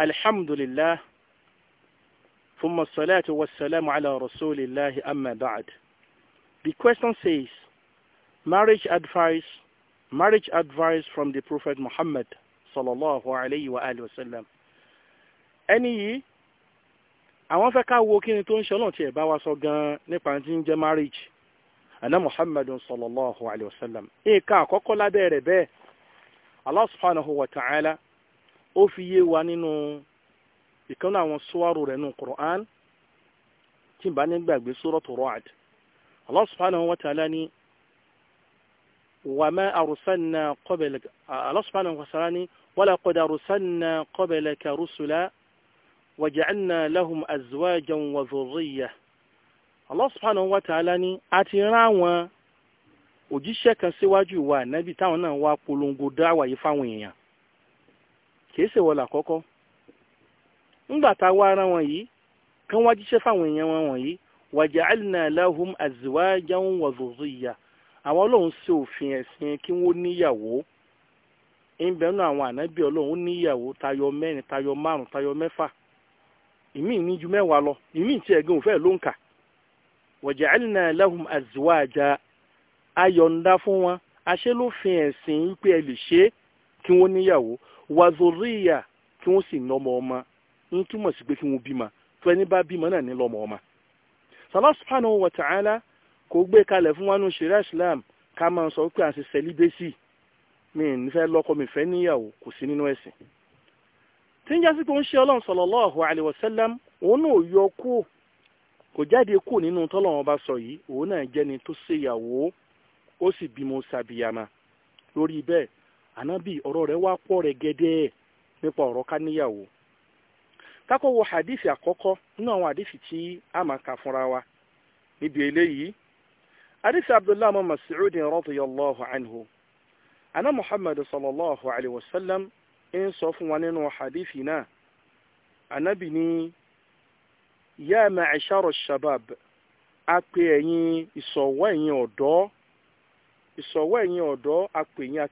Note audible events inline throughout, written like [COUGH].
الحمد لله ثم الصلاة والسلام على رسول الله أما بعد The question says marriage advice marriage advice from the Prophet Muhammad sallallahu alayhi wa alihi wa sallam ẹni yìí àwọn fẹ́ ká wo kíni tó ń ṣe ọlọ́ọ̀tì ẹ̀ bá wa sọ gan-an nípa tí ń jẹ́ marriage ana Muhammad sallallahu alayhi wa sallam ẹ̀ka àkọ́kọ́ lábẹ́ rẹ̀ bẹ́ẹ̀ Allah subhanahu wa ta'ala ó fi yé wa nínú ìkànnì àwọn sọ́wárò rẹ̀ nínú Qur'an tí n bá ní gbàgbé suratu Ra'd Allah subhanahu wa ta'ala ni wàmẹ́ àrùsánná qablaka Allah subhanahu wa ta'ala ni walaqad arsalna qablaka rusula waja'alna lahum azwajan wa dhurriyyah Allah subhanahu wa ta'ala ni a ti rán àwọn òjíṣẹ́ kan síwájú wa ànábì táwọn náà wá polongo dáwà yìí fáwọn èèyàn kìí ṣèwọ làkọ́kọ́ ńgbà tá a wá ara wọn yìí kán wá jíṣẹ́ fáwọn èèyàn wọn wọ̀nyí waja'alna lahum azwajan wa dhurriyya àwọn ọlọ́run ṣe òfin ẹ̀sìn kí wọ́n níyàwó ìbẹ̀nu àwọn ànábì ọlọ́run níyàwó tayọ mẹ́rin tayọ márùn tayọ mẹ́fà ìmíì ní ju mẹ́wàá lọ ìmíì tí ẹ̀gbọ́n òfẹ́ ló ń kà waja'alna lahum azwaja ayọ̀ǹda fún wọn aṣẹ́ ló fi ẹ̀sìn wípé ẹ lè ṣe kí wọ́n níyàwó wàzọríyà kí wọ́n sì nọ́mọ ọmọ ń túmọ̀ sí pé kí wọ́n bímọ tó ẹni bá bímọ náà ní lọ́mọ ọmọ. Allah wa ta'ala kò gbé kalẹ̀ fún wa nù ṣẹ̀ríà Islam ká máa sọ pé à ń ṣe sẹ́líbẹ́sì mi ń fẹ́ lọ́kọ mi fẹ́ níyàwó kò sí nínú ẹ̀sìn. tí ń jásí pé ó ń ṣe ọlọ́run sallallahu alaihi wasallam òun náà yọ kúò kò jáde kúò nínú tọ́lọ́run bá sọ yìí òun náà jẹ́ni tó ṣèyàwó ó sì bímọ sàbíyàmà lórí bẹ́ẹ̀ anabi ọ̀rọ̀ rẹ̀ wá pọ̀ rẹ̀ gẹ́dẹ́ nípa ọ̀rọ̀ káníyàwó kákó wo hadisi àkọ́kọ́ nínú àwọn hadithi tí a máa kà fúnra wa níbi eléyìí hadisi abdullahi ọmọ mas'ud radiyallahu anhu ana muhammad sallallahu alayhi wa sallam ń sọ fún wa nínú náà ya ma'ashara shabab a pe ẹ̀yin ìsọ̀wọ́ ọdọ a a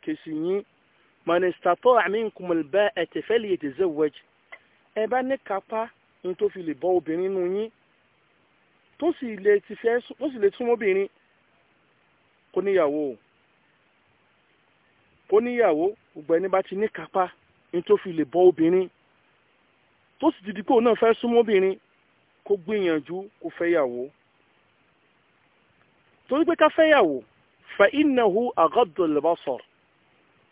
man istata'a minkum al-ba'ata falyatazawwaj ẹ bá ní kápá ní tó fi lè bọ́ obìnrin nù yín tó sì lè ti fẹ́ tó sì lè súnmọ́ obìnrin kó níyàwó kó níyàwó gbogbo ẹni bá ti ní kápá ní tó fi lè bọ́ obìnrin tó sì ti di pé òun náà fẹ́ súnmọ́ obìnrin kó gbìyànjú kó fẹ́yàwó torí pé ká fẹ́yàwó fa innahu aghaddu al-basar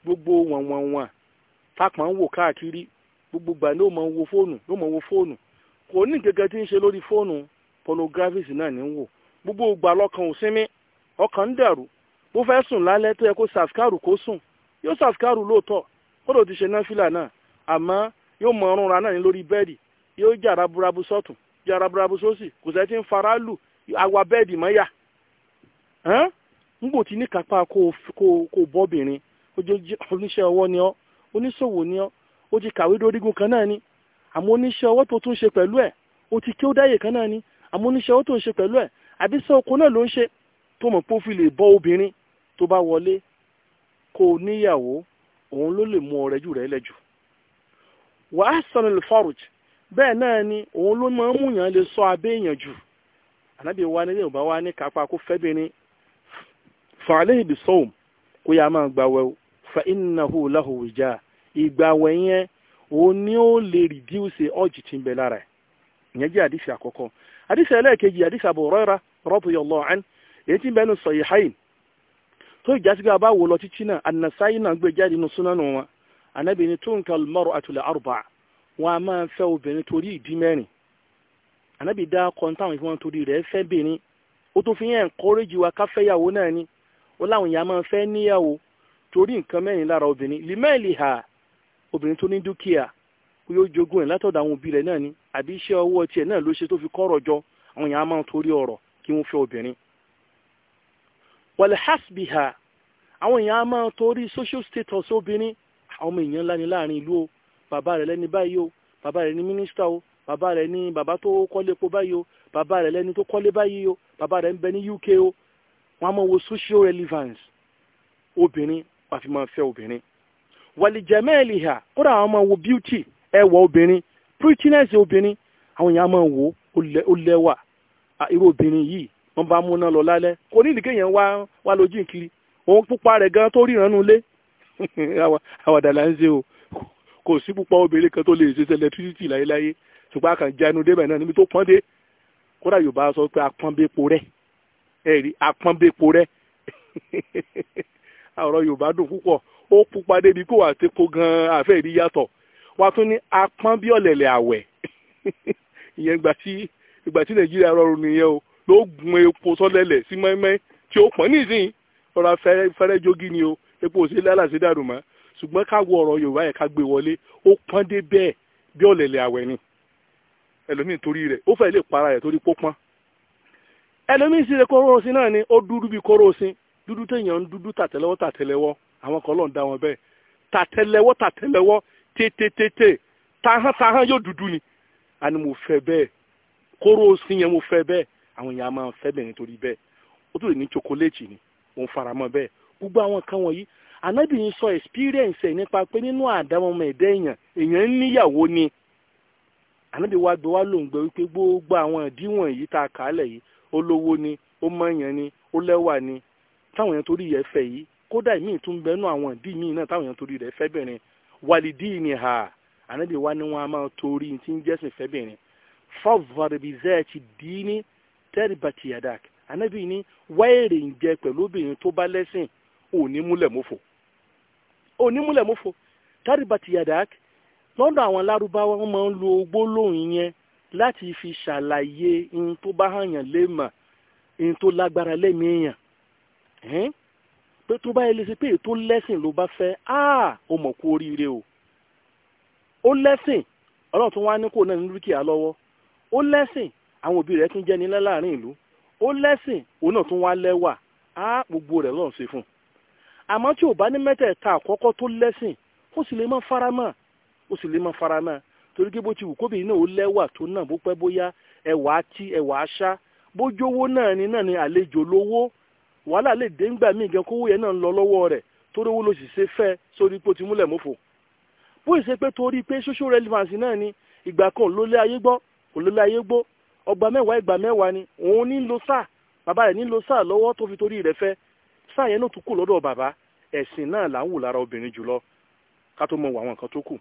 gbogbo wọ̀nwọ̀nwọ̀n tápọ̀ ń wò káàkiri gbogbo gbà ní ó mọ̀ wo fóònù mọ̀ wo fóònù kò ní gẹ́gẹ́ tí ń ṣe lórí fóònù pornographics náà ní wò gbogbo gbà lọ́kàn ò sinmi ọkàn dàrú bó fẹ́ sùn lálẹ́ tó yẹ kó sàfikàrù kó sùn yóò sàfikàrù lóòótọ́ ti ṣe náfìlà náà àmọ́ yóò mọ ọrùn náà ní lórí bẹ́ẹ̀dì oníṣẹ́ ọwọ́ ni ọ́ oníṣòwò ni ọ́ ó ti kàwé dórígun kan náà ni àmọ́ oníṣẹ́ ọwọ́ tó tún ṣe pẹ̀lú ẹ̀ ó ti kí ó dáyè kan náà ni àmọ́ oníṣẹ́ ọwọ́ tó ń ṣe pẹ̀lú ẹ̀ àbí sẹ́ oko náà ló ń ṣe tó mọ̀ pé ó fi lè bọ́ obìnrin tó bá wọlé kó o níyàwó òun ló lè mú ọ rẹjú rẹ lẹ́jù wàá sanu lè fọ́rùj bẹ́ẹ̀ náà ni òun ló máa ń mú yàn lè sọ abẹ́ èèyàn jù ànábì wa nílé ò ní kápá fẹ́bìnrin fàálẹ́ ìbí kó yá máa gbà wẹ́wò fa innahu lahu wija ìgbà àwẹ̀ yẹn òun ni ó lè rìdíùsì ọ̀jì tí ń bẹ lára ẹ̀ ìyẹn jẹ́ àdìsí àkọ́kọ́ àdìsí ẹlẹ́ẹ̀kejì àdìsí Abu Huraira radiyallahu anhu èyí tí ń bẹ nínú tó ìjà sí wò lọ títí náà an náà gbé jáde nínú súnánù wọn Ànábì tunkal mar'atu li arba'a wọn a máa fẹ́ obìnrin torí ìdí mẹ́rin Ànábì dá kọ́ńtáwọn ìfowópamọ́ torí rẹ̀ fẹ́ bìnrin ó tó fi yẹn encourage wa káfẹ́yàwó náà ni ó láwọn ìyá máa fẹ́ níyàwó torí nǹkan mẹ́rin lára obìnrin limẹ́ẹ̀lì ha obìnrin tó ní dúkìá ó yóò jogún ẹ̀ látọ̀dọ̀ àwọn òbí rẹ̀ náà ni àbí iṣẹ́ ọwọ́ tiẹ̀ náà ló ṣe tó fi kọ́rọ̀ jọ àwọn èèyàn á máa torí ọ̀rọ̀ kí wọ́n fẹ́ obìnrin. wàlẹ̀ ha àwọn èèyàn á máa torí social status obìnrin àwọn èèyàn ńlá ni láàrin ìlú o bàbá rẹ̀ lẹ́ni báyìí o bàbá rẹ̀ ni mínísítà o bàbá rẹ̀ ni bàbá tó kọ́lé epo báyìí o bàbá rẹ̀ lẹ́ni tó kọ́lé báyìí o bàbá rẹ̀ ń bẹ ní UK o wọ́n á máa wo social relevance obìnrin wọ́n fi máa fẹ́ obìnrin wàlìjẹ́mẹ́ẹ̀lì hà kódà àwọn máa wo beauty ẹwà obìnrin prettiness obìnrin àwọn èèyàn máa wo ó lẹ́wà irú obìnrin yìí wọ́n bá múná lọ lálẹ́ kò ní ìdíkẹ́ yẹn wá wá lójú ìkiri òun pupa rẹ̀ gan tó ríran nulé àwàdà là ń ṣe o kò sí pupa obìnrin kan tó lè ṣe electricity láyéláyé ṣùgbọ́n àkàn já inú débẹ̀ náà níbi tó pọ́n dé kódà Yorùbá sọ pé apọ́nbépo rẹ̀ ẹ̀rí apọ́nbépo rẹ̀ [LAUGHS] ọ̀rọ̀ yorùbá dùn púpọ̀ ó pupa débi kó àti po gan àfẹ́ ìrí yàtọ̀ wá tún ní apọ́n bí ọ̀lẹ̀lẹ̀ àwẹ̀ [LAUGHS] ìyẹn ìgbà tí ìgbà tí nàìjíríà rọrùn nìyẹn o ló gun epo sọ́lẹ̀lẹ̀ sí mẹ́mẹ́ tí ó pọ́n nísìnyí ọ̀rọ̀ fẹ́rẹ́ jogi ni o epo òsèlè alàṣẹ́dàrú mọ́ ṣùgbọ́n ká wo ọ̀rọ̀ yorùbá yẹn ká gbé wọlé ó pọ́n dé bẹ́ẹ̀ bí ọ̀lẹ̀lẹ̀ àwẹ̀ ni ẹlòmíì torí rẹ̀ ó fẹ́ lè para rẹ̀ torí pópọ́n ẹlòmíì sì rẹ̀ kóró osin náà ni ó dúdú bíi kóró osin dúdú téèyàn ń dúdú tàtẹ́lẹ́wọ́ tàtẹ́lẹ́wọ́ àwọn kan lọ́n da wọn bẹ́ẹ̀ tàtẹ́lẹ́wọ́ tàtẹ́lẹ́wọ́ tètètètè tahan tahan yóò dúdú ni àni mo fẹ́ bẹ́ẹ̀ kóró osin yẹn mo fẹ́ bẹ́ẹ̀ àwọn èèyàn máa ń fẹ́ bẹ́ẹ̀ nítorí bẹ́ẹ̀ ó tún lè ní chocolate ni òun faramọ́ bẹ́ẹ̀ gbogbo àwọn kan wọ̀nyí ànábì ń sọ experience ẹ̀ nípa pé nínú àdámọ́mọ́ ẹ̀dá èèyàn èèyàn ń níyàwó ni ànábì wa gbé wá lóun gbẹ wípé gbogbo àwọn ìdíwọ̀n yìí tá a kà á lẹ̀ yìí ó lówó ni ó mọ̀ọ́yàn ni ó lẹ́wà ni táwọn èèyàn torí rẹ̀ fẹ́ yìí kódà ìmíì tún bẹnu àwọn ìdí míì náà táwọn èèyàn torí rẹ̀ fẹ́ bìnrin wàlídì ni ha ànábì wa ni wọn a máa torí tí ń jẹ́sìn fẹ́ bìnrin fọwọ́rẹ́bìzẹ́ ti dì í ní tẹ́rìbàtì yadak ànábì ni wáyèrè ń jẹ pẹ̀lú obìnrin tó bá lẹ́sìn òní múlẹ̀ mọ́fò òní múlẹ̀ mọ́fò tẹ́rìbàtì yadak lọ́dọ̀ àwọn lárúbáwá wọn máa ń lo gbólóhùn yẹn láti fi ṣàlàyé ihun tó bá hàn yàn léèmà pé tó bá yẹ lè ṣe pé ètò lẹ́sìn ló bá fẹ́ ó mọ̀ kú oríire o ó lẹ́sìn ọlọ́run tó wá ní kò náà ní dúkìá lọ́wọ́ ó lẹ́sìn àwọn òbí rẹ̀ tún jẹ́ nílẹ̀ láàrin ìlú ó lẹ́sìn òun náà tún wá lẹ́wà á gbogbo rẹ̀ lọ́run ṣe fún un àmọ́ tí ò bá ní mẹ́tẹ̀ẹ̀ta àkọ́kọ́ tó lẹ́sìn ó sì lè má faramọ́ ó sì lè má faramọ́ torí pé bó ti wù kóbìnrin náà ó lẹ́wà tó náà bó pẹ́ bóyá ẹwà á tí ẹwà á ṣá bójówó náà ni náà ni àlejò lówó wàhálà lè dé ńgbà míì gan kówó yẹn náà ń lọ lọ́wọ́ rẹ̀ torí owó ló sì ṣe fẹ́ sórí ipò tí múlẹ̀ mọ́fò bó ṣe pé torí pé social relevance náà ni ìgbà kan ló lé ayé gbọ́ kò ló lé ayé gbó ọgbà mẹ́wàá ìgbà mẹ́wàá ni òun ní lo sáà bàbá rẹ̀ ní lo sáà lọ́wọ́ tó fi torí rẹ̀ fẹ́ sáà yẹn náà tún kù lọ́dọ̀ bàbá ẹ̀sìn náà là ń wù lára obìnrin jùlọ ká tó mọ àwọn nǹkan tó kù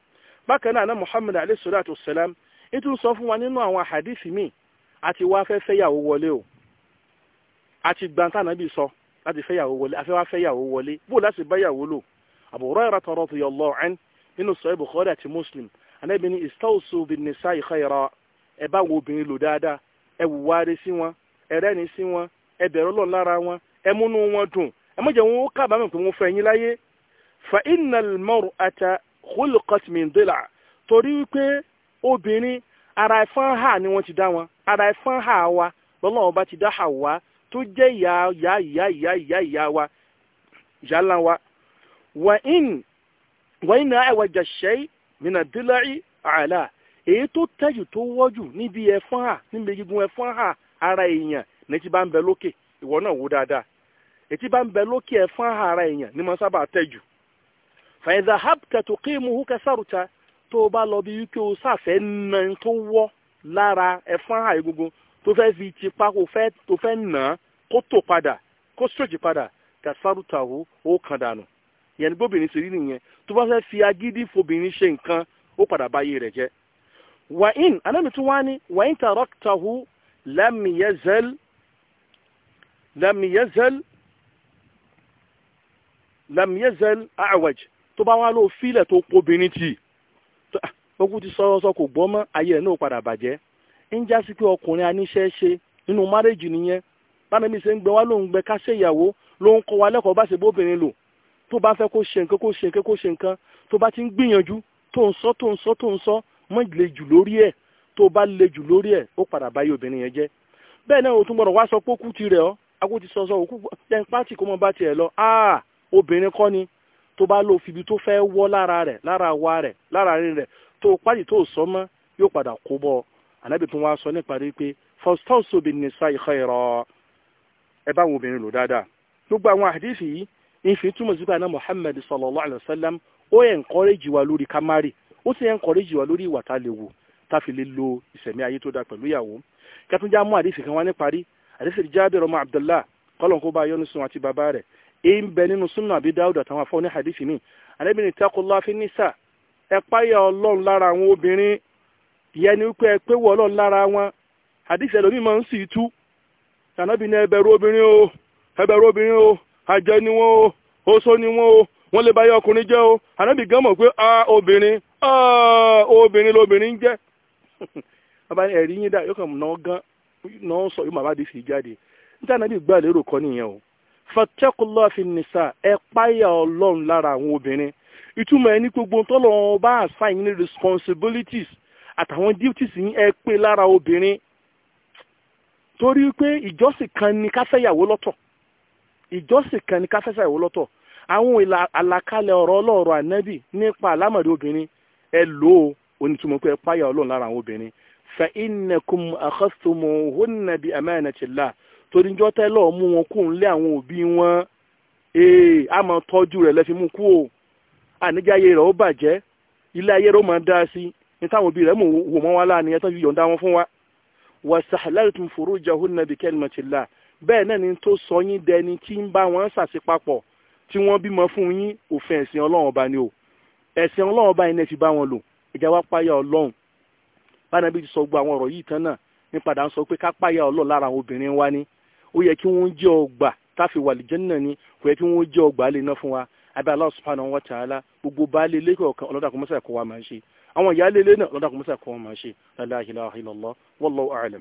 bákan náà Muhammad alayhi salatu salam ètò sọ fún wa nínú àwọn àhàdìsí míì àti wá fẹ́ fẹ́yàwó wọlé o àti gbantana bí sọ láti fẹ́yàwó wọlé afẹ́wá fẹ́yàwó wọlé bó láti báyàwó lò Abu Hurairah radiyallahu anhu nínú sọ Bukhari àti Muslim Ànábì ní istawsu bin nisa'i khayra ẹ bá wo obìnrin lò dáadáa ẹ wùwárí sí wọn ẹ rẹ́ni sí wọn ẹ bẹ̀rù Ọlọ́run lára wọn ẹ múnú wọn dùn ẹ má jẹ́ wọn ó kábàámọ̀ pé wọ́n fẹ́ yín láyé fa innal mar'ata khulqat min tó ya ya ya ya ya wa ìyá wa wọ́n ní àwẹ̀jà ṣe mìíràn dílẹ́rì àlà èyí tó tẹ́jù tó wọ́jù níbi ẹ̀fọ́n hà ara èèyàn ní ti bá ń náà wò ara èèyàn ní mo sábà tẹ́jù. fàyẹ̀dà habta o tó fẹ́ fi tipa kó fẹ́ tó fẹ́ nà á kó tò padà kó sójì padà kàṣàrù tàwó ó kàn dànù ìyẹn ní bóbìnrin ṣe rí nìyẹn tó bá fẹ́ fi agídí fobìnrin ṣe nǹkan ó padà báyé rẹ̀ jẹ́. wàhín anábì tún wá ní wàhín taraktahu lam yazal lam yazal lam yazal a'waj tó bá wá ló fílẹ̀ tó pobìnrin tì ó kú ti sọ́ọ́sọ́ kò gbọ́ mọ́ ayé ẹ̀ náà padà bàjẹ́ ń já sí pé ọkùnrin aníṣẹ́ ṣe nínú márèjì nìyẹn bámi ṣe ń gbẹ wá lóun gbẹ ká ṣe ìyàwó ló ń kọ́ wa lẹ́kọ̀ọ́ bá ṣe bóbìnrin lò tó bá fẹ́ kó ṣe nǹkan kó ṣe nǹkan kó ṣe nǹkan tó bá ti ń gbìyànjú tó ń sọ tó ń sọ tó ń sọ mọ́ le jù lórí ẹ̀ tó bá le jù lórí ẹ̀ ó padà báyìí obìnrin yẹn jẹ́ bẹ́ẹ̀ náà o tún gbọ́dọ̀ wá sọ pé ó kú tirẹ̀ ọ́ agbóti sọ̀sọ̀ òkú ten pátì kó mọ bá tiẹ̀ lọ aa ah, obìnrin kọ́ ni tó bá lò fìbí tó fẹ́ wọ́ lára rẹ̀ lára wa rẹ̀ lára rẹ̀ tó pátì tó sọ mọ́ yóò padà kó bọ́ ọ ànábì tún wá sọ nípa rí pé fastawsu bin nisa'i khayra ẹ bá àwọn obìnrin lò dáadáa gbogbo àwọn àdìsí yìí ń fi túmọ̀ sí pé àná Muhammad sallallahu alayhi wa sallam ó encourage wa lórí kámárì ó sì encourage wa lórí ìwà tá a lè wò tá a fi lè lo ìsẹ̀mí ayé tó dáa pẹ̀lú ìyàwó kẹtùnjá mú àdìsí kan wá ní parí àdìsí Jabir ọmọ Abdullah kọlọ̀n kó bá yọ́nu sun àti bàbá rẹ̀ èyí ń bẹ nínú súnà àbí Dáúdà táwọn afọ́ ní àdìsí mi àdẹ́bìnrin taqullaha fin nisa ẹ páyà Ọlọ́run lára àwọn obìnrin ìyẹn ni wípé ẹ pé wọ ọlọ́run lára ma àdìsí ẹlòmíì máa ń ni o ẹbẹ̀rù obìnrin o ajọ ni wọn o oṣó ni wọn o wọn le báyọ ọkùnrin jẹ o anabi gan a a jẹ [LAUGHS] gan sọ yóò di jáde níta lérò nìyẹn o fatakulọ fi ẹ lára àwọn obìnrin ìtumọ̀ ẹni gbogbo àṣà àtàwọn duties yín ẹ pé lára obìnrin torí pé ìjọsìn kan ni káfẹ́yàwó lọ́tọ̀ ìjọsìn kan ni káfẹ́yàwó lọ́tọ̀ àwọn àlàkalẹ̀ ọ̀rọ̀ ọlọ́ọ̀rọ̀ ànábì nípa àlámọ̀rí obìnrin ẹ lò ó onítùmọ̀ pé ẹ páyà ọlọ́run lára àwọn obìnrin fa innakum akhastumuhunna bi amanatillah torí njọ́ tẹ́ lọ́ọ́ mú wọn kó ń lé àwọn òbí wọn ee a máa tọ́jú rẹ̀ lẹ́fi kú o àníjáyé rẹ̀ ó bàjẹ́ ilé ayé rẹ̀ ó máa dá sí i ní táwọn rẹ̀ mú wò mọ́ wá láàrin ẹ̀tọ́ yìí yọ̀ǹda wọn fún wa wà sàhálàtún furujahunna bi kalimatillah bẹ́ẹ̀ náà ni tó sọ yín dẹni tí ń bá wọn ṣàṣepapọ̀ tí wọ́n bímọ fún yín òfin ẹ̀sìn ọlọ́run ọba ni o ẹ̀sìn ọlọ́run ọba yẹn ti bá wọn lò ìjà wá páyà ọlọ́run bánàbí ti sọ gbogbo àwọn ọ̀rọ̀ yìí tán náà ní padà ń sọ pé ká páyà ọlọ́run lára àwọn obìnrin wa ni ó yẹ kí wọ́n jẹ́ ọgbà táfi wà lìjẹ́ náà ni kò yẹ kí wọ́n jẹ́ ọgbà lè ná fún wa abẹ́ Allah àwọn ìyáálé ilé náà lọ́dọ̀ kò mọ́sà kọ́ wọn máa ṣe la ilaha illallah wallahu